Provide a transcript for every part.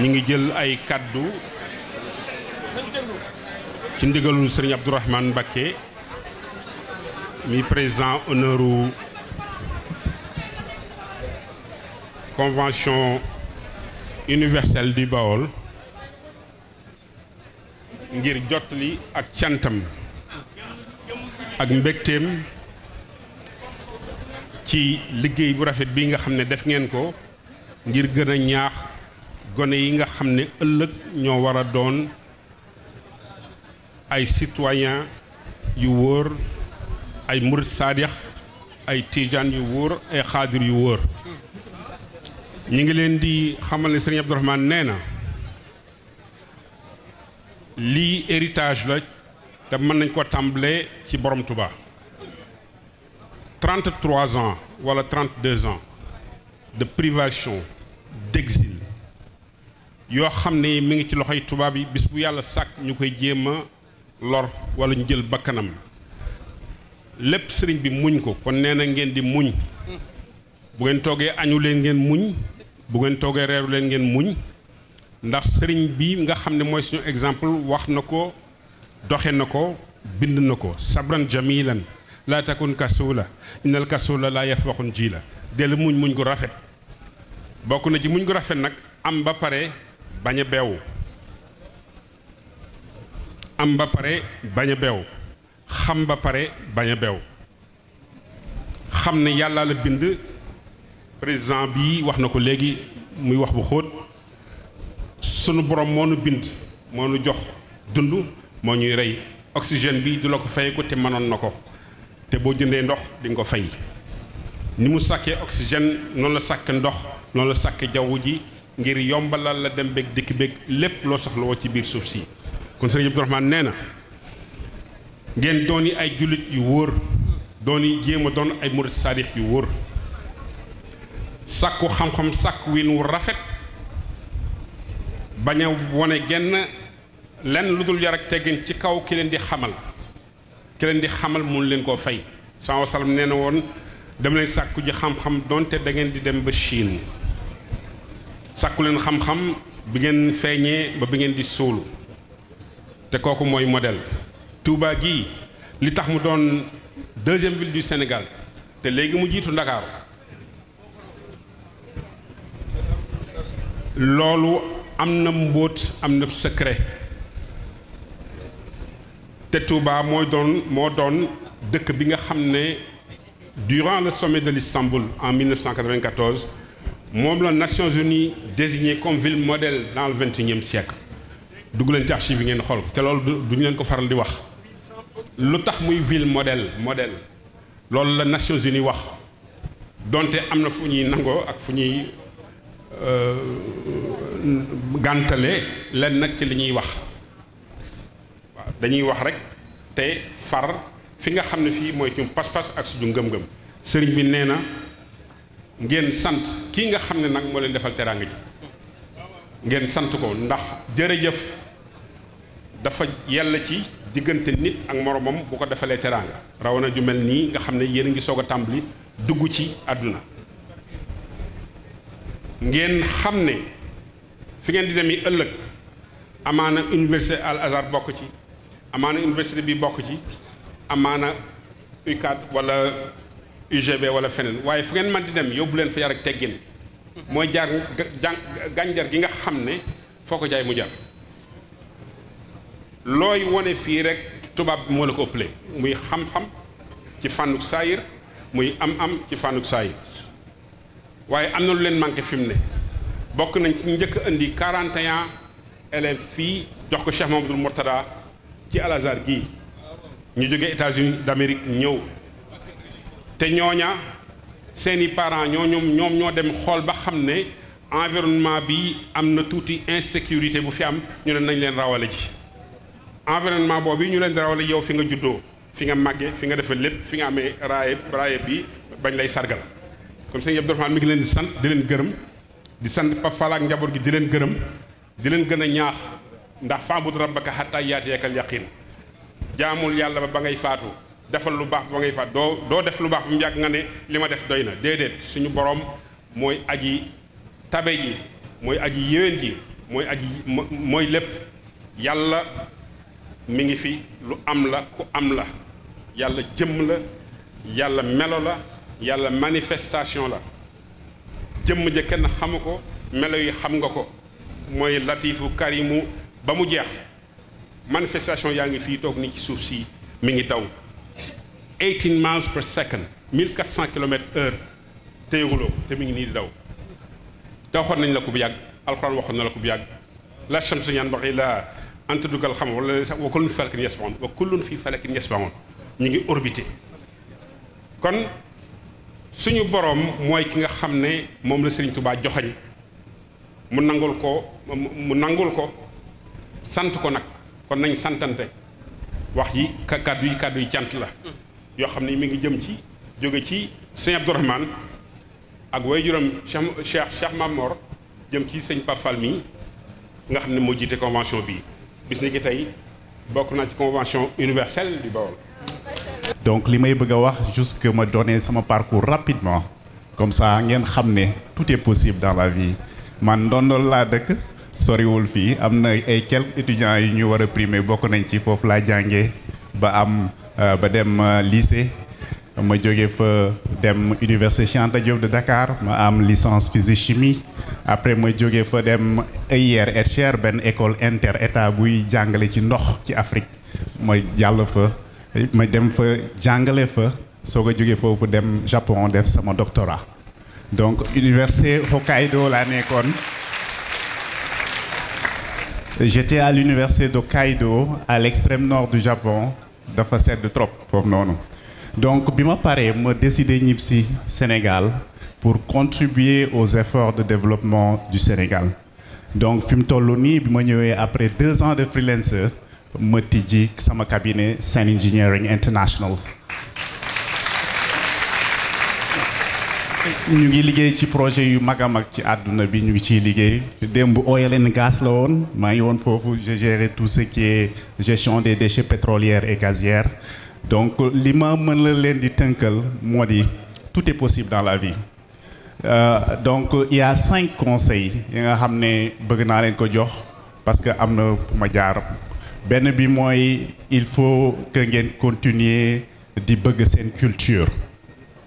ñu ngi jël ay kàddu ci ndigalul sëriñ Abdourahmane Mbacké mi président honneuru convention universelle du Baol ngir jottali ak cantam ak mbégteem ci liggéey bu rafet bi nga xam ne def ngeen ko ngir gën a ñaax gone yi nga xam ne ëllëg ñoo war a doon ay citoyen yu wóor ay murit saadix ay tijaan yu wóor ay xaadir yu wóor ñu ngi leen di xamal ne sëriñ Abdourahmane nee na lii héritage la te mën nañ ko tàmbalee ci borom Touba 33 ans wala 32 ans de privation d'exil yoo xam ne mi ngi ci loxoy tubaab yi bis bu yàlla sàkk ñu koy jéem a lor wala ñu jël bakkanam lépp sëriñ bi muñ ko kon nee na ngeen di muñ bu ngeen toogee añu leen ngeen muñ bu ngeen toogee reeru leen ngeen muñ ndax sëriñ bi nga xam ne mooy suñu exemple wax na ko doxe na ko bind na ko sabran jamilan laa la kasula innal kasula laa yaf waxun ji la dellu muñ muñ ko rafet bokk na ci muñ gu rafet nag am ba pare bañ a beew am ba pare bañ a beew xam ba pare bañ a beew xam ne yàlla la bind président bi wax na ko léegi muy wax bu xóot sunu borom moo nu bind moo nu jox dund moo ñuy rey oxygène bi du la ko fay ko te mënoon na ko te boo jëndee ndox di ko fay ni mu sàkkee oxygène noonu la sàkkee ndox noonu la sàkkee jaww ji ngir yombalal la dem beeg dikk bég lépp loo soxla ci biir suuf si kon sëriñ Abdourahmane nee na ngeen doon yi ay jullit yu wóor doon yi jéem a doon ay murit saadix yu wóor sàkku xam-xam sàkku win wu rafet bañ a wone genn lenn lu dul yar ak teggin ci kaw ki leen di xamal ki leen di xamal mun leen koo fay. sànq salam nee na woon dem leen sàkku ji xam-xam donte da ngeen di dem ba Chine. sàkku leen xam-xam bi ngeen feeñee ba bi ngeen di suulu te kooku mooy modèle Touba gii li tax mu doon deuxième ville du Sénégal te léegi mu jiitu Ndakaaru loolu am na mbóot am na secret te Touba mooy doon moo doon dëkk bi nga xam ne durant le sommet de l'Istanbul en 1994 moom la Nations Unies désigné comme ville modèle dans le vingt et siècle dugg leen ci archive yi ngeen xool te loolu duñu leen ko faral di wax lu tax muy ville modèle modèle loolu la Nations Unies wax donte am na fu ñuy nangoo ak fu ñuy euh, gàntale leen nag ci li ñuy wax waaw dañuy wax rek te far fi nga xam ne fii mooy suñu pas-pas ak suñu ngëm-ngëm sëriñ bi nee na ngeen sant kii nga xam ne nag moo leen defal teraanga ji ngeen sant ko ndax jërëjëf dafa yàlla ci diggante nit ak moromam bu ko defalee teraanga rawana ju mel nii nga xam ne yéen a ngi soog a tàmbali dugg ci àdduna ngeen xam ne fi ngeen di dem yi ëllëg amaana université Al bokk ci amaana université bi bokk ci amaana UCAD wala UGB wala feneen waaye fu ngeen mën di dem yóbbu leen fa yar ak teggin mooy jar jan gi nga xam ne foo ko jaay mu jar looy wone fii rek tubaab moo la ko ëppale muy xam-xam ci fànnuk saayir muy am-am ci fànnuk saayir waaye am na lu leen manqué fi ne bokk nañ ci njëkk indi 41 élèves fii jox ko Cheikh Mamadou Mourtada ci Al Azhar gii ñu jóge États-Unis d'Amérique ñëw te ñooña seeni parent ñoo ñoom ñoom ñoo dem xool ba xam ne environnement bi am na tuuti insécurité bu fi am ñu ne nañ leen rawale ji environnement boobu ñu leen rawale yow fi nga juddoo fi nga màggee fi nga defee lépp fi nga amee raaye raaye bi bañ lay sargal kon sëñ Abdourahmane mi ngi leen di sant di leen gërëm di sant Pape Fall ak njaboot gi di leen gërëm di leen gën a ñaax ndax fa'bud rabbaka hattaa yaatiyakal yaqiin jaamul yàlla ba ba ngay faatu defal lu baax ba ngay fàtt doo doo def lu baax ba mu yàgg nga ne li ma def doy na déedéet suñu borom mooy aji tabe ji mooy aji yéwén ji mooy aji mooy lépp yàlla mi ngi fi lu am la ku am la yàlla jëmm la yàlla melo la yàlla manifestation la jëmm ja kenn xam ko melo yi xam nga ko mooy kar yi mu ba mu jeex manifestation yaa ngi fii toog ni ci suuf si mi ngi daw eighteen miles per second mille quatre cent kilomètres heure te te mi ngi nii di daw te waxoon nañ la ko bu yàgg alxuraan waxoon na la ko bu yàgg la shamsu yanbaghi lahaa an tudrika al-qamar wala sax wa kullun fii falakin yasbahuun wa kullun fii falakin yasbahuun ñu ngi orbité kon suñu boroom mooy ki nga xam ne moom la Sëriñ Tubaa joxañ mu nangul ko mu nangul ko sant ko nag kon nañ santante wax yi kàddu yi kàddu yi cant la yoo xam ne mi ngi jëm ci jóge ci sëñ Abdourahmane ak way juróom Cheikh Cheikh Cheikh Mamor jëm ci sëñ Pape mii nga xam ne moo jiite convention bi bis ni ki tey bokk naa ci convention universelle du Baol. donc li may bëgg a wax juste ma donner sama parcours rapidement comme ça ngeen xam ne toute est possible dans la vie man ndondol laa dëkk soriwul fii am na ay quelques étudiants yi ñu war a primé bokk nañ ci foofu laa jànge ba am. Euh, ba dem euh, lycée ma jóge fa dem université Cheikh Anta de Dakar ma am licence physique chimie après ma jóge fa dem EIR ETCHER benn école inter état buy jàngale ci ndox ci Afrique ma jàll fa ma dem fa jàngale fa soog a jóge foofu dem Japon def sama doctorat donc université Hokkaido laa nekkoon j'étais à l'université d'Hokkaido à l'extrême nord du Japon dafa sedd trop foofu noonu donc bi ma paree ma décidé ñib si Sénégal pour contribuer aux efforts de développement du Sénégal donc fi mu toll nii bi ma ñëwee après deux ans de freelancer ma tijji sama cabinet Sen Engineering Internationals ñu ngi liggéey ci projet yu mag a mag ci àdduna bi ñu ngi ciy liggéey démb Oil and Gas la woon maa ngi woon foofu j'ai géré tout ce qui est gestion des déchets pétrolières et gazières donc li ma mën la leen di tënkal moo di tout est possible dans la vie euh, donc yaa cinq conseils yi nga xam ne bëgg naa leen ko jox parce que am na fu ma jaar benn bi mooy il faut que ngeen continuer di bëgg seen culture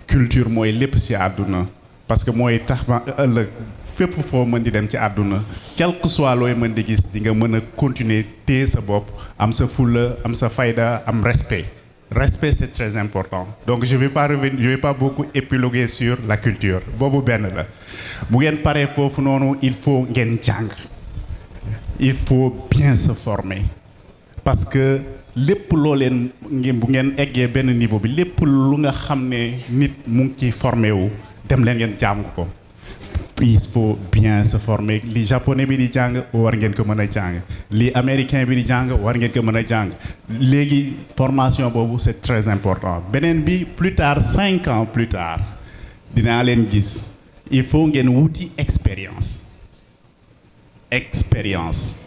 culture mooy lépp ci àdduna parce que mooy tax ma ëllëg fépp foo mën di dem ci àdduna quel que soit looy mën di gis di nga mën a continuer téye sa bopp am sa fulla am sa fayda am respect respect c'est très important donc je vais pas boo ko vais pas sur la culture boobu benn la bu ngeen paree foofu noonu il faut ngeen jàng il faut bien sa former parce que lépp loo leen ngeen bu ngeen eggee benn niveau bi lépp lu nga xam ne nit mu ngi ciy formé wu dem leen ngeen jaamu ko. il faut bien se former li japonais bi di jàng war ngeen ko mën a jàng li américain bi di jàng war ngeen ko mën a jàng léegi formation boobu c'est très important beneen bi plus tard cinq ans plus tard dinaa leen gis il faut ngeen wuti expérience expérience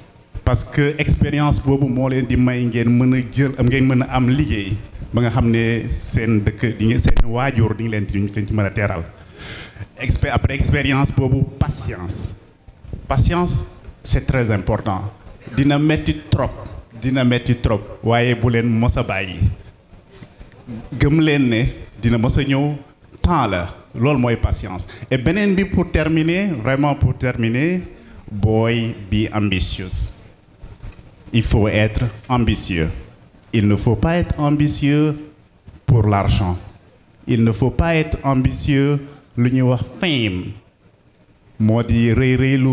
parce que expérience boobu moo leen di may ngeen mën a jël ngeen mën a am liggéey ba nga xam ne seen dëkk di ngeen seen waajur di ngeen leen di ci mën a teeral expe après expérience boobu patience patience c'est très important dina metti trop dina metti trop waaye bu leen mos a bàyyi gëm leen ne dina mos a ñëw temps la loolu mooy patience et beneen bi pour terminer vraiment pour terminer boy bi ambitious il faut être ambitieux. Il ne faut pas être ambitieux pour l'argent. Il ne faut pas être ambitieux lu ñuy wax fame moo di rëy rëylu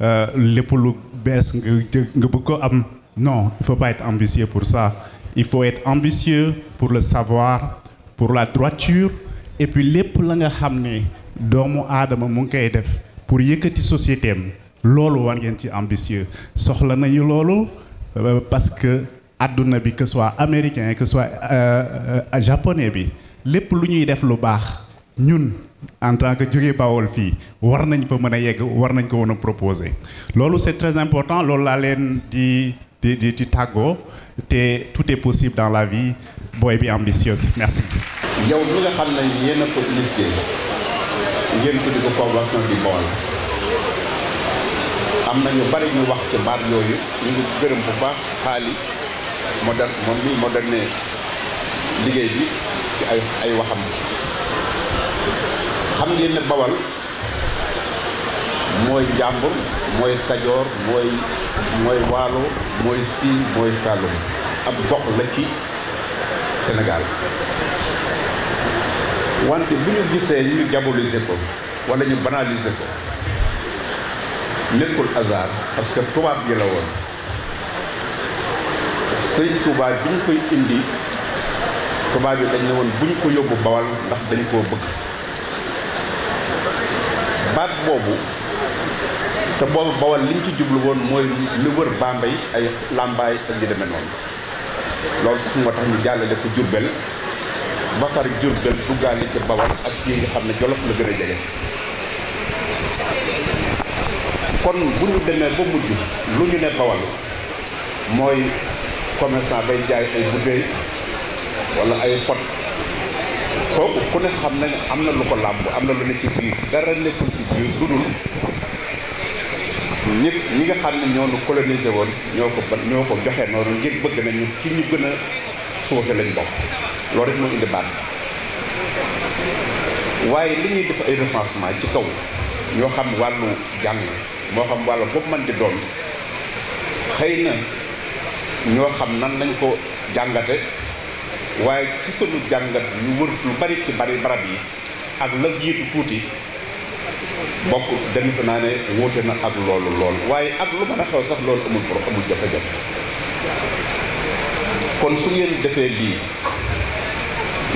euh, lépp lu bees nga nga bëgg ko am non il faut pas être ambitieux pour ça il faut être ambitieux pour le savoir pour la droiture et puis lépp la nga xam ne doomu aadama mu ngi koy def pour yëkkati société loolu war ngeen ci ambitieux soxla nañu loolu euh, parce que àdduna bi que soit américain que soit euh, euh, japonais bi lépp lu ñuy def lu baax ñun en tant que jóge Bawol fii war nañ fa mën a yegg war nañ ko woon a proposer loolu c'est très important loolu laa leen di di di tàggoo te tout est possible dans la vie booy bi ambitieuse merci. yow mi nga xam ne yéen a ngeen ko di ko convention di bool. am na ñu bari ñu wax ci baat yooyu ñu ngi gërëm bu baax xaali moderne moom mi moderne liggéey bi ci ay waxam xam ngeen ne bawal mooy njàmbur mooy kajoor mooy mooy waalo mooy siin mooy saalum ab gox la ci Sénégal wante bu ñu gisee ñu diaboliser ko walla ñu banaliser ko nekkul hasard parce que tubaab gi la woon sëy Touba bi koy indi tubaab yi dañ ne woon bu ñu ko yóbbu bawal ndax dañ koo bëgg baat boobu te boobu bawal liñ ci jublu woon mooy li wër Bambey ay làmbaay ak ñu deme noonu loolu sax moo tax ñu jàllale ko Jurbel ba far Jurbel duggaale ci bawal ak kii nga xam ne Jolof la gën a jege kon bu ñu demee ba mujj lu ñu ne bawal mooy commerçant bay jaay ay bouteille walla ay pot kooku ku ne xam nañ am na lu ko làmb am na lu ne ci biir dara nekkul ci biir dudul ñi ñi nga xam ne ñoo nu colonisé ñoo ko ba ñoo ko joxe noonu ngir bëgg nañu ci ñu gën a suufe lañ bokk loolu rek moo indi baat waaye li ñuy def ay recensement ci kaw ñoo xam wàllu jàng moo xam wàllu boobu man di doon xëy na ñoo xam nan lañ ko jàngate waaye ci sunu jàngat yu wër lu bari ci bari barab yi ak la jiitu tuuti bokk demit naa ne wuute na ak loolu lool waaye ak lu mën a xew sax loolu amul pour amul jafe-jafe kon su ngeen defee lii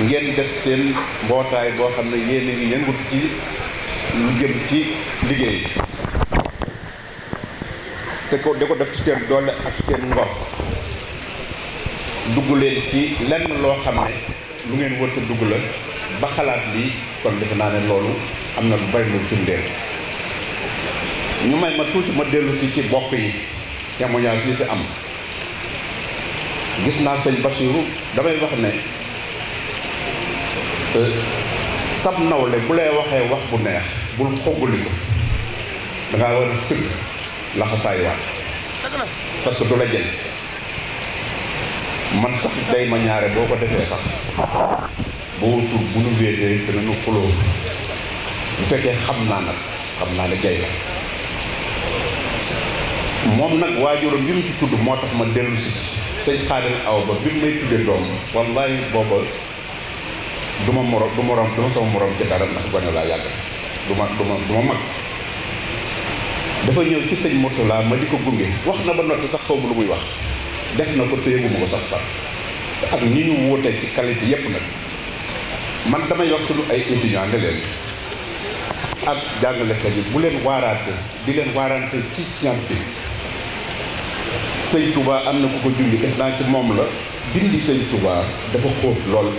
ngeen def seen mbootaay boo xam ne yéen a ngi yëngut ci lu jëm ci liggéey te ko di ko def ci seen doole ak seen ngor dugg leen ci lenn loo xam ne lu ngeen wërta dugg la ba xalaat bi kon defe naa ne loolu am na lu bari lu firndeel ñu may ma tuuti ma dellu si ci bokk yi témoignage yi ci am gis naa sëñ Basiru damay wax ne euh, sab nawle bu lay waxee wax bu neex bul xoggali ko da war a sëgg laxasaay waat parce que du la jël man sax day ma ñaare boo ko defee sax boo tur bu nu wéetee te nu xuloo bu fekkee xam naa nag xam naa ne jay la moom nag waajuram bi mu ci tudd moo tax ma dellu si sëñ xaadim aw ba bi may tudde doom wallaay booba du ma morom du ma sama morom ci dara ndax gone laa yàgg du ma du ma du ma mag dafa ñëw ci sëñ moto Mourtala ma di ko gunge wax na ba noppi sax xaw ma lu muy wax def na ko téye ma ko sax far ak ñi ñu wuute ci kalit yépp nag man damay wax suñu ay étudiants ne leen ak jàngalekat yi bu leen waaraate di leen waarante ci scientifique sëñ Touba am na ku ko junj def naa ci moom la bindi sëñ Touba dafa xóot lool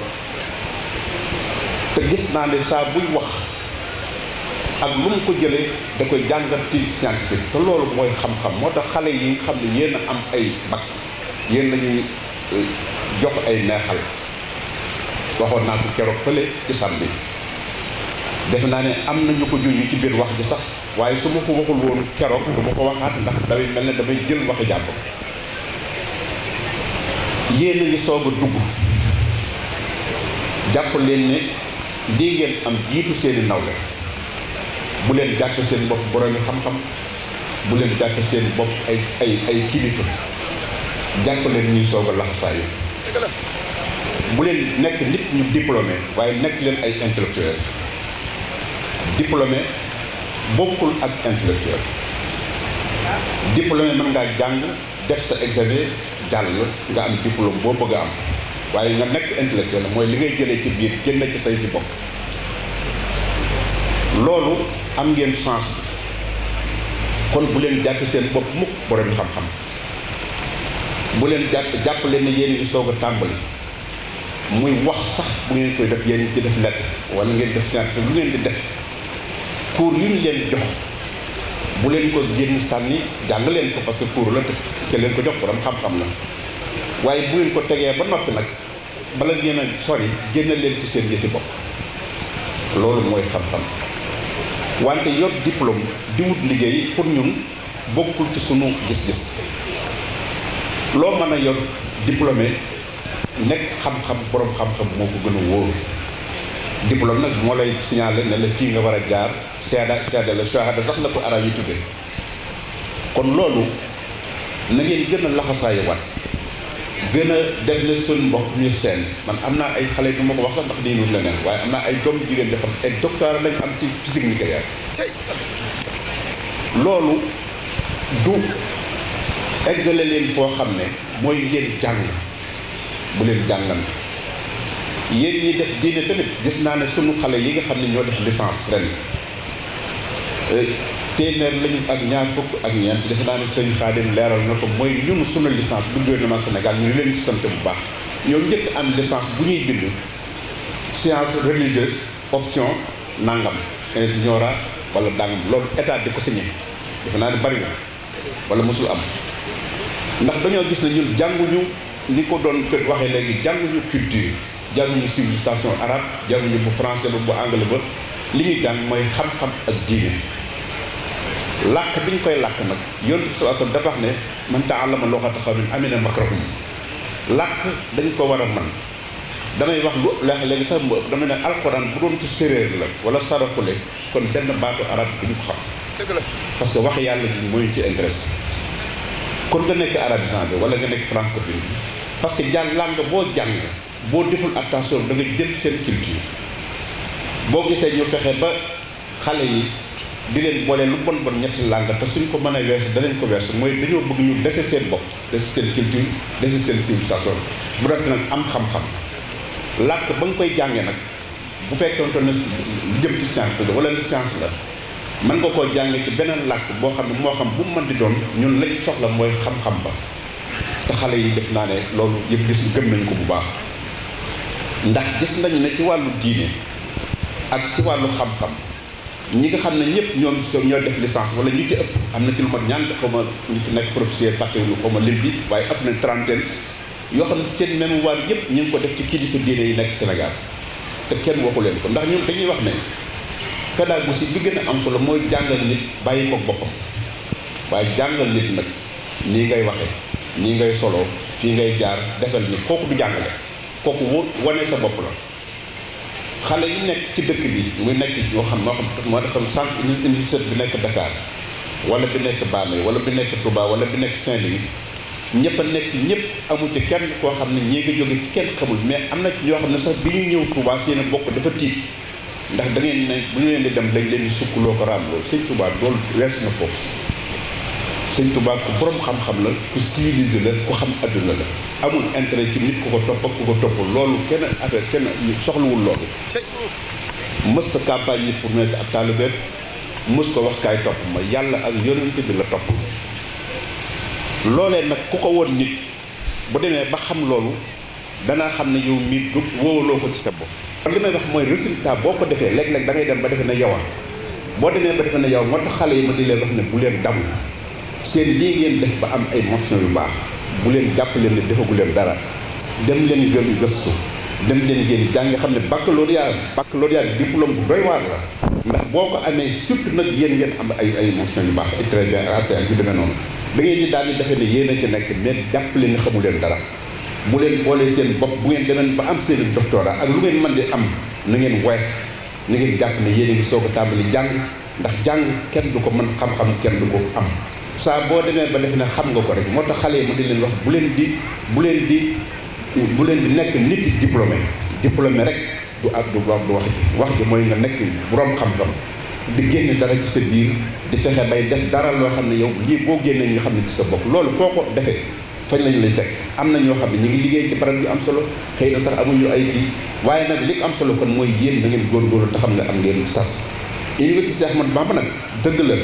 te gis naa ne saa buy wax. ak lu mu ko jëlee da koy jàngat ci scientifique te loolu mooy xam-xam moo tax xale yi xam ne yéen a am ay bac yéen lañuy euh, jox ay neexal waxoon naa ko keroog fële ci samedi defe naa ne am na ñu ko juñu ci biir wax ji sax waaye su ma ko waxul woon keroog du ko waxaat ndax damay mel ne damay jël waxi jàpp yéen a ngi soog a dugg jàpp leen ne lii ngeen am jiitu seeni nawle bu leen jàpp seen bopp boroomi xam-xam bu leen jàpp seen bopp ay ay ay kilifa jàpp leen ñuy soog a laxasaayu bu leen nekk nit ñu diplômé waaye nekk leen ay intellectuel diplômé bokkul ak intellectuel diplômé mën ngaa jàng def sa examen jàll nga am diplôme boo bëgg a am waaye nga nekk intellectuel mooy li ngay jëlee ci biir génn ci say ci bopp loolu am ngeen chance kon bu leen jàpp seen bopp mukk borom xam-xam bu leen jàpp jàpp leen ne yéen a ngi soog a tàmbali muy wax sax bu ngeen koy def yéen ci def lettre walla ngeen def seen lu ngeen di def cours yu ñu leen jox bu leen ko génn sànni jàng leen ko parce que cours la te leen ko jox borom xam-xam na waaye bu ngeen ko tegee ba noppi nag bala ngeen a sori génn leen ci seen yëfi bopp loolu mooy xam-xam. wante yor diplôme di wut liggéey pour ñun bokkul ci sunu gis-gis loo mën a yor diplômé nekk xam-xam borom xam-xam moo ko gën a wóoru diplôme nag moo lay signalé ne la fii nga war a jaar seeda seeda la shahada sax la ko arab yi tuddee kon loolu na ngeen gën a laxasaayuwaat gën a def la suñ mbokk ñu seen man am naa ay xale yu ma ko wax sax ndax nii wut leneen waaye am naa ay doom jigéen dafa ay docteur lañ am ci physique nucléaire loolu du eggale leen foo xam ne mooy yéen jàng bu leen jàngal yéen ñi def diine tamit gis naa ne sunu xale yi nga xam ne ñoo def licence ren téeméer lañu ak ñaar fukk ak ñeent def naa ne sëñ Xaadim leeral na ko mooy ñun sunu licence bu gouvernement Sénégal ñu leen ci sant bu baax ñoom njëkk am licence bu ñuy bind science religieuse option nangam ingénieur wala dangam loolu état di ko signé defe naa ne bari na wala mosul am ndax dañoo gis ne ñun ñu ni ko doon kër waxee léegi jànguñu culture jànguñu civilisation arabe jànguñu bu français ba bu anglais ba li ñuy jàng mooy xam-xam ak diine làkk bi ñu koy làkk nag yonent bi sallallahu alayhi wasallam dafa wax ne man ta'allama lughata qawmin amina makrahum làkk dañ ko war a man damay wax lu leex léegi sax mu ëpp damay ne alquran bu doon ci séeréer la wala saraxule kon benn baatu arab bi ñu ko xam parce que wax yàlla bi mooy ci intéresse kon nga nekk arabisant bi wala nga nekk francophone bi parce que jàng langue boo jàng boo deful attention da nga jël seen culture boo gisee ñu fexe ba xale yi di leen boole lu bon bon ñetti làng te suñ ko mënee weesu danañ ko weesu mooy dañoo bëgg ñu dese seen bopp dese seen culture dese seen civilisation bu def nag am xam-xam làkk ba nga koy jàngee nag bu fekkonte ne lu jëm ci science la wala li la mën nga koo jàngee ci beneen làkk boo xam ne moo xam bu mu mën di doon ñun lañ soxla mooy xam-xam ba te xale yi def naa ne loolu yëpp gis gëm nañ ko bu baax ndax gis nañu ne ci wàllu diine ak ci wàllu xam ñi nga xam ne ñëpp ñoom ñoo def licence wala ñu ci ëpp am na ci lu mat ñaan xaw ma ñu ci nekk professeur fàttewuñu xaw ma lim bi waaye ëpp na yoo xam ne seen mémoire yëpp ñu ngi ko def ci kilifa diine yi nekk Sénégal te kenn waxu leen ko ndax ñun dañuy wax ne pédagogie bi gën a am solo mooy jàngal nit bàyyi ko boppam waaye jàngal nit nag nii ngay waxee nii ngay solo fii ngay jaar defal ni kooku du jàngale kooku wane sa bopp la xale yi nekk ci dëkk bi muy nekk yoo xam moo xam moo xam sànq université bi nekk Dakar wala bi nekk Bambey wala bi nekk Touba wala bi nekk Saint-Louis ñëpp a nekk ñëpp amu ci kenn koo xam ne ñii nga jóge ci kenn xamul mais am na ci yoo xam ne sax bi ñuy ñëw Touba seen bokk dafa tiit ndax da ngeen bu ñu leen di dem dañ leen di sukkuloo ko raam loolu sëñ Touba loolu wees na foofu sëñ Tuubaa ku borom xam-xam la ku civilisé la ku xam adduna la amul intérêt ci nit ku ko topp ak ku ko topp loolu kenn affaire kenn soxlawul loolu mës sa campagne yi pour nekk ab taalibeet mës ko wax kaay topp ma yàlla ak yonent bi la topp loolee nag ku ko woon nit bu demee ba xam loolu danaa xam ne yow mii du wóoloo ko ci sa bopp li may wax mooy résultat boo ko defee léeg-léeg da ngay dem ba defe ne yowa boo demee ba defe ne yow moo tax xale yi ma di leen wax ne bu leen damu seen lii ngeen def ba am ay motion yu baax bu leen jàpp leen ne defagu leen dara dem leen gën gëstu dem leen ngeen jàng nga xam ne baccalauréat baccalauréat diplôme bu doy waar la ndax boo ko amee surtout nag yéen ngeen am ay ay motion yu baax et très bien assez ak yu demee noonu da ngeen di daal di defee ne yéen a ci nekk mais jàpp leen ne xamu leen dara bu leen boolee seen bopp bu ngeen demeen ba am seen doctorat ak lu ngeen man di am na ngeen woyof na ngeen jàpp ne yéen a soog a tàmbali jàng ndax jàng kenn du ko mën xam-xam kenn ko am saa boo demee ba defe na xam nga ko rek moo tax xale yi mu di leen wax bu leen di bu leen di bu leen di nekk nit yi diplômé diplômé rek du ab du wax du wax ji wax ji mooy nga nekk boroom xam-xam di génn dara ci sa biir di fexe bay def dara loo xam ne yow lii boo génnee ñu xam ne ci sa bopp loolu foo ko defee fañ lañu lay fekk am na ñoo xam ne ñu ngi liggéey ci barab yu am solo xëy na sax amuñu ay kii waaye nag li am solo kon mooy yéen da ngeen góorgóorlu te xam nga am ngeen sas université Ahmadou Bamba nag dëgg la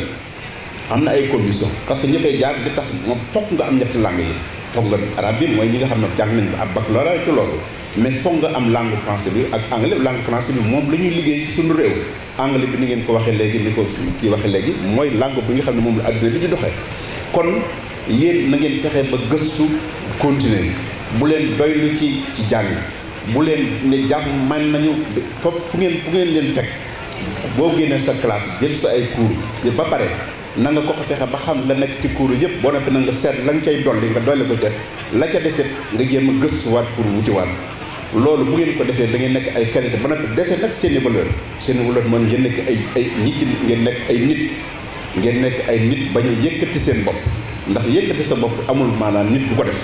am na ay condition parce que ñëppee jaar di tax moom fokk nga am ñetti làng yi fokk nga arabe bi mooy ñi nga xam ne jàng nañ ba baccalauréat ci loolu mais fokk nga am langue français bi ak anglais langue français bi moom la ñuy liggéey suñu réew anglais bi ni ngeen ko waxee léegi ni ko suñu kii waxee léegi mooy langue bi nga xam ne moom la adduna bi di doxee kon yéen na ngeen fexe ba gëstu continuer bu leen doylu ci ci jàng bu leen ne jàmm man nañu fop fu ngeen fu ngeen leen fekk boo génnee sa classe jël sa ay cours ba pare na nga ko fexe ba xam la nekk ci kuuru yëpp boo noppee na nga seet la nga cay dolli nga dolli ko ca la ca desit nga jéem a gëstuwaat pour wutiwaat loolu bu ngeen ko defee da ngeen nekk ay qualité ba noppi dese nag seen i valeur seen i valeur mën ngeen nekk ay ay nit ngeen nekk ay nit ngeen nekk ay nit bañ a yëkkati seen bopp ndax yëkkati sa bopp amul maanaan nit bu ko def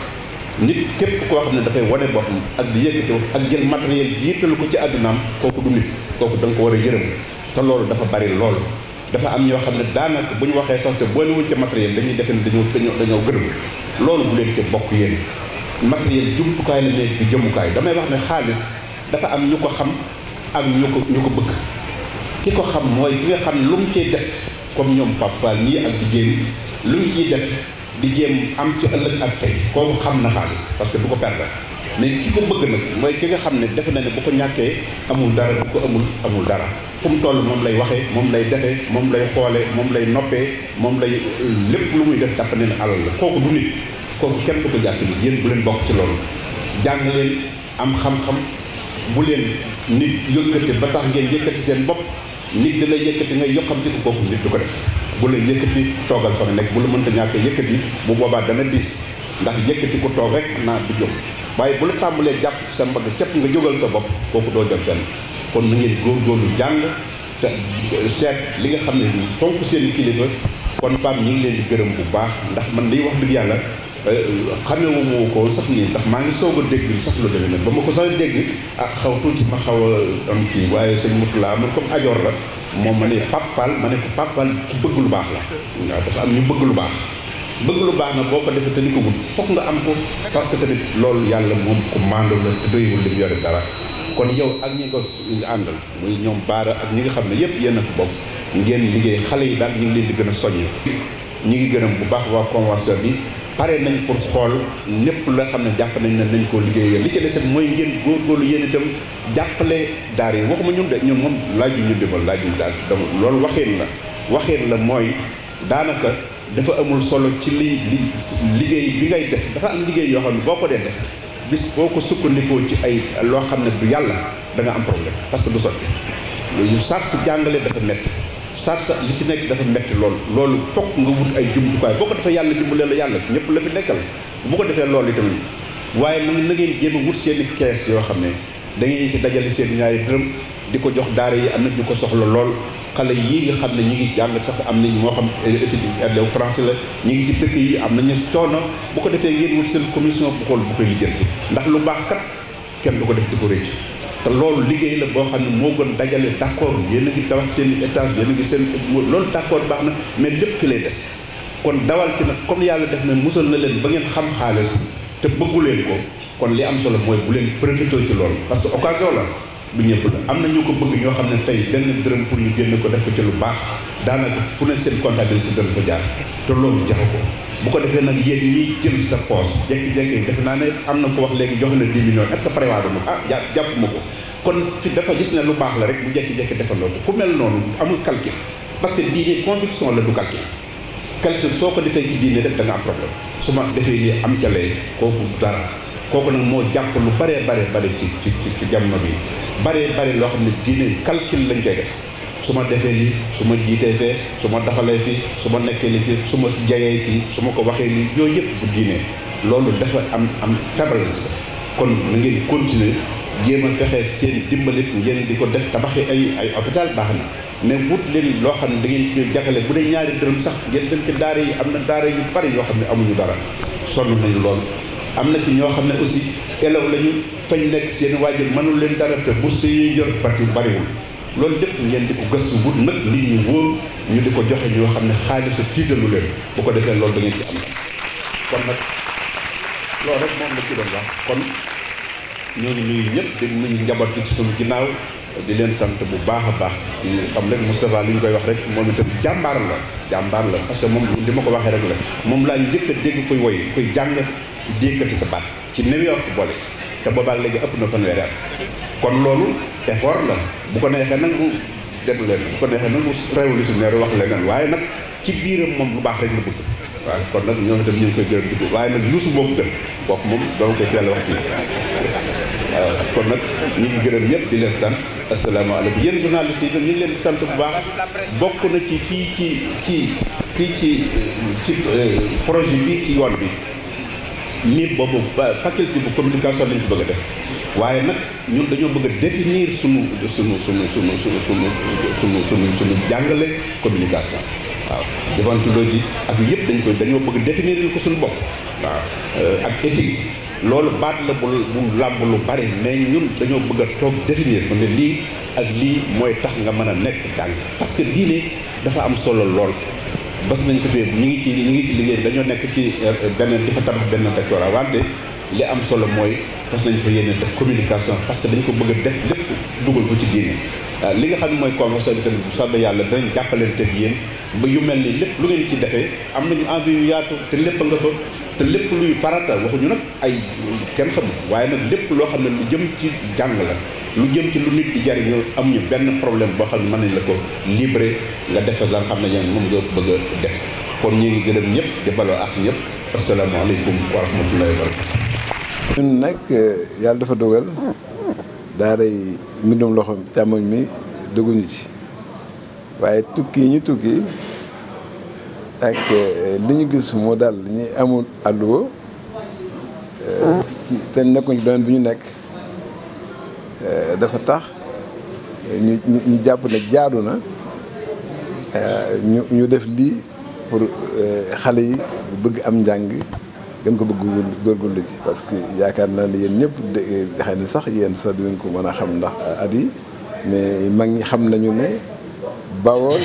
nit képp koo xam ne dafay wane boppam ak di yëkkati ak jël matériel jiital ko ci àddunaam kooku du nit kooku danga ko war a yërëm te loolu dafa bari loolu dafa am ñoo xam ne daanaka bu ñu waxee sax te boolewuñ ca matériel dañuy defe ne dañoo dañoo dañoo gërëm loolu bu leen ca bokk yéen matériel jumtukaay la nekk bi jëmmukaay damay wax ne xaalis dafa am ñu ko xam ak ñu ko ñu ko bëgg ki ko xam mooy ki nga xam lu mu cee def comme ñoom papa ñii ak jigéen lu mu ciy def di jéem am ci ëllëg ak tey kooku xam na xaalis parce que du ko perdre mais ki ko bëgg nag mooy ki nga xam ne defe na ne bu ko ñàkkee amul dara ku ko amul amul dara fu mu moom lay waxee moom lay defe moom lay xoolee moom lay noppee moom lay lépp lu muy def jàpp ne alal la kooku du nit kooku kenn du ko jàpp ni yéen bu leen bokk ci loolu jàng leen am xam bu leen nit yëkkati ba tax ngeen yëkkati seen bopp nit da lay yëkkati ngay yokkati ko kooku nit du ko def bu la yëkkati toogal fa nga nekk bu la mënta ñàkk yëkkati bu boobaa dana diis ndax yëkkati ko toog rek naa du jóg waaye bu la tàmbalee jàpp sa mbagg cëpp nga jógal sa bopp kooku doo jot kenn kon mu ngeen góor góorgóorlu jàng te seet li nga xam ne ni fonk seen kilifa kon PAM ñu ngi leen di gërëm bu baax ndax man day wax dëgg yàlla euh, xamewu moo ko sax nii ndax maa ngi soog a dégg sax lu demee nag ba ma ko sax dégg ak ah, xaw tuuti ma xaw a am kii waaye sëñ Moutalla man comme ajoor la moom ma ne Pape ma ne ko Pape Fall bëgg lu baax la waaw dafa am ñu bëgg lu baax bëgg lu baax na boo ko defee te ko wut foog nga am ko parce que tamit loolu yàlla moom ku màndu la te doyul li mu yore dara kon yow ak ñu ñi ko àndal muy ñoom baara ak ñi nga xam ne yëpp yéen a ko bokk ngeen liggéey xale yi daal ñu ngi leen di gën a soññ ñi ngi gën a bu baax waa convention bi pare nañ pour xool lépp la xam ne jàpp nañ ne nañ koo liggéey li ci des mooy ngeen góorgóorlu yéen itam jàppale daar yi waxuma ñun de ñun moom laaj ñu dimbal laaj ñu daal donc loolu waxeen la waxeen la mooy daanaka dafa amul solo ci li li liggéey bi ngay def dafa am liggéey yoo xam ne boo ko dee def bis boo ko sukkandikoo ci ay loo xam ne du yàlla da am problème parce que du sotti yu sart si jàngale dafa métti sart sa li ci nekk dafa métti loolu loolu fokk nga wut ay jumtukaay boo ko defee yàlla dimbalee la yàlla ñëpp la fi nekkal bu ko defee loolu itam waaye nag na ngeen wut seen i kees yoo xam ne da ngeen ci dajale seen ñaari dërëm di ko jox daara yi am na ñu ko soxla lool xale yi nga xam ne ñi ngi jàng sax am nañ moo xam étude français la ñi ngi ci dëkk yi am nañu coono bu ko defee ngeen wut seen commission bu xool bu koy def di ko réccu liggéey la boo xam ne moo gën dajale d' accord yéen a ngi tabax seen i étage yéen a ngi seen loolu d' accord baax na mais lépp ki lay des kon dawal ci nag comme yàlla def na musal na leen ba ngeen xam xaalis te bëggu leen ko kon li am solo mooy bu leen profité ci lool parce que la lu ñëpp la am na ñu ko bëgg ñoo xam ne tey benn dërëm pour ñu génn ko def ko ci lu baax daanaka fu ne seen comptabilité dana ko jaar te loolu jafe ko bu ko defee nag yéen ñiy jël sa poos jekki-jekki defe naa ne am na ko wax léegi na 10 millions est ce que prévoir na ah jàpp ma ko kon fi dafa gis ne lu baax la rek bu jekki-jekki defaloo ko ku mel noonu amul calcul parce que diine conviction la du calcul calcul soo ko defee ci diine rek da nga am problème su ma defee nii am calee kooku dara kooku nag moo jàpp lu baree bare bare ci ci ci jamono bi baree bari loo xam ne diine calcul lañ koy def su ma defee nii su ma jiitee fee su ma doxalee fii su ma nekkee nii fii su ma jegee fii su ma ko waxee nii yooyu yëpp bu diinee loolu dafa am am faiblesse kon na ngeen continuer jéem a fexe seen dimbalit ngeen di ko def tabaxi ay ay hôpital baax na mais wut leen loo xam ne da ngeen ci jagale bu dee ñaari dërëm sax ngeen dem ci daara yi am na daare yu bari yoo xam ne amuñu dara sonn nañu lool am na ci ñoo xam ne aussi élèves lañu fañ nekk seen waajur mënul leen dara te bourse yi yor parti bariwul loolu lépp ngeen di ko gëstu wut nag lii ñu wóor ñu di ko joxe ñoo xam ne xaalisu tiitalu leen bu ko defee loolu da ngeen ci am kon nag loolu rek moom la ci doon wax kon ñoo ngi nuyu ñëpp di nuyu njaboot ci suñu ginnaaw di leen sant bu baax a baax di xam rek Moustapha li ñu koy wax rek moom itam jàmbaar la jàmbaar la parce que moom li ma ko waxee rek la moom laa njëkk a dégg koy woy koy jàng dékkati sa baat ci New York boole te boobaag léegi ëpp na fanweeri at kon loolu effort la bu ko neexee nag mu def leen bu ko neexee nag mu révolutionnaire wax leneen waaye nag ci biiram moom lu baax rek la bëgg waaw kon nag ñoo itam ñu ngi koy gërëm di waaye nag yuusu boobu gën kooku moom dama koy teel wax fii waaw kon nag ñu ngi gërëm ñëpp di leen sant asalaamaaleykum yéen journaliste yi tam ñu ngi leen di sant bu baax bokk na ci fii ci ci fii ci ci euh, projet bi ci yoon bi miir boobu faculté bu communication lañ ci bëgg a def waaye nag ñun dañoo bëgg a définir suñu suñu suñu suñu suñu suñu suñu suñu jàngale communication waaw déontologie ak yëpp dañ koy dañoo bëgg définir ñu ko suñu bopp waaw euh, ak éthique loolu baat la bu bu làmb lu bari mais ñun dañoo bëgg a toog définir ko ne lii ak lii mooy tax nga mën a nekk jàng parce que diine dafa am solo lool bas nañ ko fi ñu ngi ci ñu ngi ci liggéey dañoo nekk ci euh, euh, benn di fa tabax benn rectorat wante li am solo mooy fas nañ fa yéene def communication parce que dañ ko bëgg a def lépp dugal ko ci diine euh, li nga xam ne mooy convention bi tamit bu soobee yàlla dinañ jàppalante ak yéen ba yu mel ni lépp lu ngeen ci defee am nañu envie yu yaatu te lépp nga fa te lépp luy farata waxuñu nag ay kenn xamul waaye nag lépp loo xam ne lu jëm ci jàng la lu jëm ci lu nit di jariñoo amuñu benn problème boo xam ne mën nañ la ko libéré nga def la nga xam ne ñoom moom nga bëgg a def kon ñu ngi gërëm ñëpp di baloo ak ñëpp asalaamaaleykum wa rahmatullahi wa barakatu ñun nag euh, yàlla dafa dogal daaray mbindum loxo càmmoñ mi dugguñu ci waaye tukki yi ñu tukki ak euh, li ñu gis moo daal li ñuy amul àlluwa euh, ci te nekkuñ ci domaine bi ñu nekk Euh, dafa tax ñu ñu jàpp ne jaadu na euh, ñu ñu def lii pour euh, xale yi bëgg am njàng gën ko bëgg góorgóorlu ci parce que yaakaar na ne yéen ñëpp xëy na sax yéen sax du ngeen ko mën a xam ndax at mais mag ñi xam nañu ne Bawol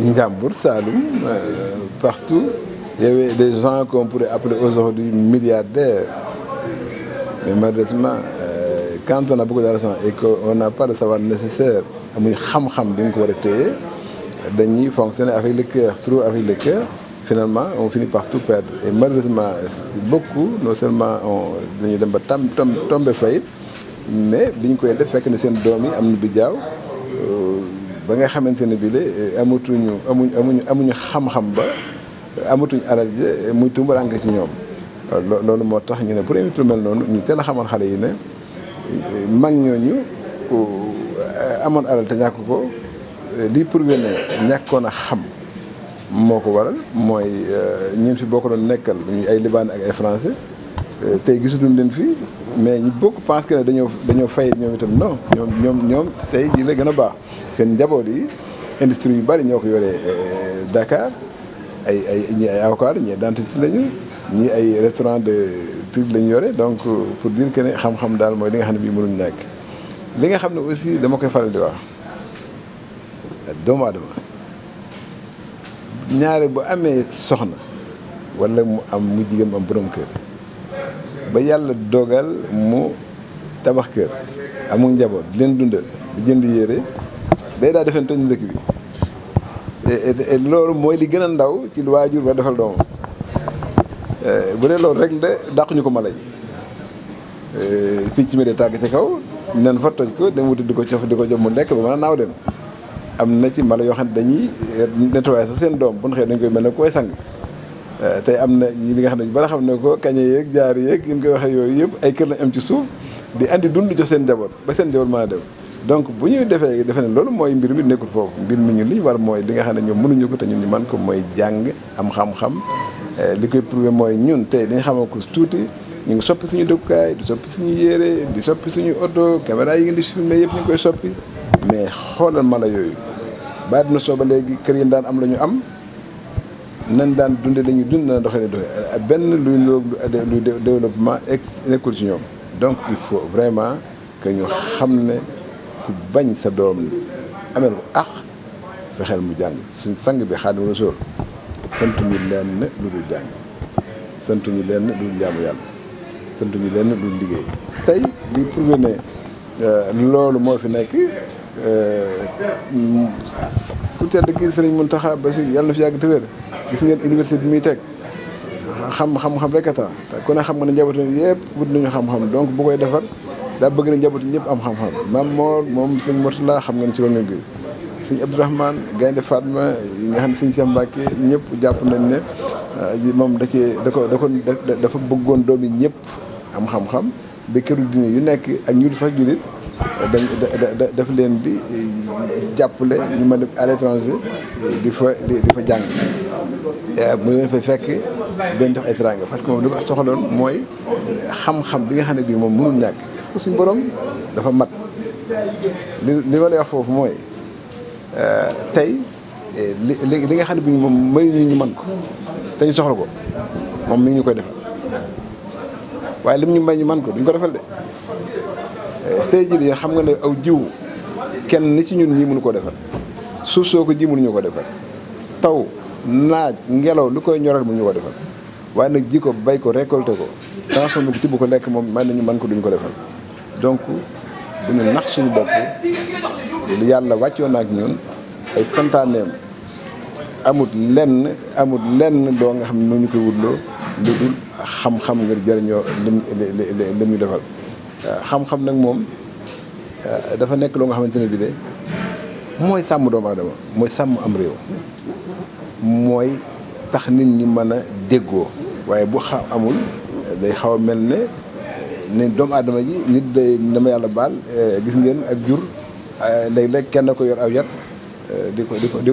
Njàmbur Saalum partout y avait des gens qu'on pourrait appeler aujourd'hui milliardaires mais malheureusement quand on a beaucoup d'argent et qu'on n'a pas le savoir nécessaire amuñ xam-xam bi nga ko war a téye dañuy fonctionner avec le cœur trop avec le cœur finalement on finit par tout perdre et malheureusement beaucoup non seulement on dañuy dem ba tam tombe faillite mais biñ koy def fekk ne seen doom yi am na du jaaw euh, ba nga xamante ni bi la euh, amatuñu amuñ amuñu amuñu xam-xam ba euh, amatuñu alal ji muy tumbaranke ci ñoom loolu moo tax ñu ne pour éviter lu mel noonu ñu teel a xamal xale yi ne mag ñooñu eh, amoon alal te ñàkk ko eh, lii prouvé ne ñàkkoon a xam moo ko waral mooy eh, ñim si bokk ko nekkal ñu ay libaane ak ay français tey gisatuñ leen fii mais ñu bokk pense que dañoo dañoo fay ñoom itam non ñoom ñoom ñoom tey jii la gën a baax seen njaboot yi industrie yu bari ñoo ko yoree Dakar ay ay ñii ay avocat ñii ay dentiste lañu ñii ay restaurant de électrique lañ yore donc euh, pour dire que ne xam-xam daal mooy li nga xam ne bii mënuñ nekk li nga xam ne aussi dama koy faral di wax doomu aadama ñaare bu amee soxna wala mu am mu jigéen am borom kër ba yàlla dogal mu tabax kër amul njaboot di leen dundal di jënd yére day daa ni toñ dëkk bi loolu mooy li gën a ndaw ci waajur ba defal doomam Eh, bu dee loolu rek de dàquñu ko mala yi eh, picc mi de tàgg ci kaw nen fa toj ko dem wuti di ko cof di ko jom mu lekk ba mën a naaw dem am na ci mala yoo xam ne dañuy eh, nettoyé sax seen doom bu ñu xëyee dañ koy mel ne koy sang tey am na li nga xam ne bala xam ne ko kañe yeeg jaar yeeg yu ñu koy waxee yooyu yëpp ay kër lañ am ci suuf di indi dund jox seen njaboot ba seen njaboot mën a dem donc bu ñuy defee defe ne loolu mooy mbir mi nekkul foofu mbir mi ñu li ñu war mooy li nga xam ne ñoom mënuñu ko te ñun ñu man ko mooy jàng am xam Euh, li koy prouvé mooy ñun tey dañu xamal ko tuuti ñu ngi soppi suñu dëkkukaay di soppi suñu yére di soppi suñu oto kamera yi ngeen di filmé yëpp ñu koy soppi mais xoolal mala yooyu ba àdduna soo ba léegi kër yi daan am la am nan daan dunde la ñuy dund na doxalee doxalee euh, benn luy luy développement ex nekkul ci ñoom donc il faut vraiment que ñu xam ne ku bañ sa doom amel ko ax fexeel mu jàng suñ sang bi Xaadimu Rasuul santuñu lenn lu dul jàng santuñu lenn lu dul jaamu yàlla santuñu lenn lu dul liggéey tey li prouvé ne euh, loolu moo fi nekk euh, ku tedd kii sëriñ Mountakha Bassirou yàlla na fi yàgg te wér gis ngeen université bi muy teg xam xam-xam rek a tax te xam nga ne njabootam yëpp wut nañu xam-xam donc bu koy defar daa bëgg na njabootam ñëpp am xam-xam maam moo moom sëñ laa xam nga ne ci loolu ngeen gis sëñ Abdourahmane Gaynde Fatma yi nga xam ne sëñ Cheikh Mbacke ñëpp jàpp nañ ne ah, moom da cee da ko dafa bëggoon doom yi ñëpp am xam-xam ba këru diine yu nekk ak ñu sax jullit dañ daf leen di eh, jàppale ñu ma dem à l'étranger eh, di fa di fa jàng eh, mu fekk dañ def parce que moom li ko soxloon mooy xam-xam bi nga xam ne bii moom mënul ñàkk est boroom dafa mat li li ma lay wax foofu mooy tey li li nga xam ne bi moom may ñu ñu mën ko te ñu soxla ko moom mi ñu koy defal waaye lim ñu may ñu man ko duñ ko defal de tey jii xam nga ne aw jiw kenn ni ci ñun ñii mënu koo defal suuf soo ko ji mënuñu ko defal taw naaj ngelaw lu koy ñoral mu ñu ko defal waaye nag ji ko bay ko récolter ko transformé ko tibb ko lekk moom may ñu mën ko duñ ko defal donc bu ñu nax suñu bopp lu yàlla wàccoon ak ñun ay santaaneem amut lenn lenn doo nga xam ne ñu koy wutloo lu dul xam-xam ngir jëriñoo lim lim ñu defal euh, xam-xam nag moom euh, dafa nekk loo nga xamante ne bi de mooy sàmm doomu adama mooy sàmm am réew mooy tax nit ñi mën a déggoo waaye bu xaw amul day xaw a mel ne euh, ne doomu aadama ji nit day dama yàlla baal gis ngeen ak jur léegi euh, léeg kenn ko yor aw yat euh, di ko di ko di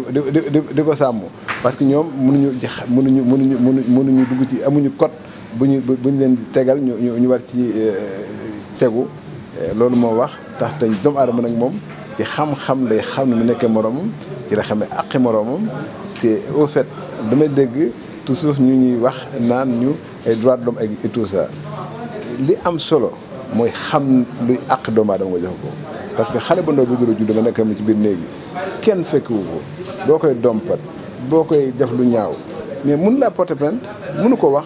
di ko sàmm parce que ñoom mënuñu jax mënuñu mënuñu mënuñu dugg ci amuñu code bu ñu bu ñu leen tegal ñu ñu war ci euh, tegu loolu moo wax tax te doomu aadama nag moom ci xam-xam lay xam ne mu nekkee moroomam ci la xamee aqi moroomam ci au fait damay dégg toujours ñu ñuy wax naan ñu ay droits doom l'homme ak et tout li am solo mooy xam luy àq doomu aadama nga jox ko. parce que xale bu ndaw bi dul a judd nga nekk ci biir néeg bi kenn fekkiwu ko boo koy dompat boo koy jaf lu ñaaw mais mun laa porter plainte munu ko wax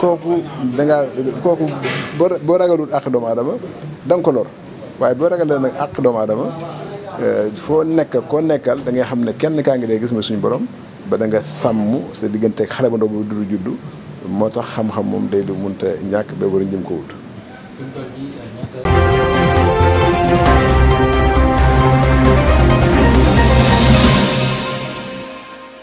kooku dangaa kooku boo boo ragalul àq doomu aadama da nga ko lor waaye boo ragalee nag àq doomu aadama euh, foo nekk koo nekkal da ngay xam ne kenn kaa ngi day gis ma suñu borom ba da nga sàmm sa diggante xale bu ndaw bi dul juddu moo tax xam-xam moom day du munta ñàkk ba war a ko wut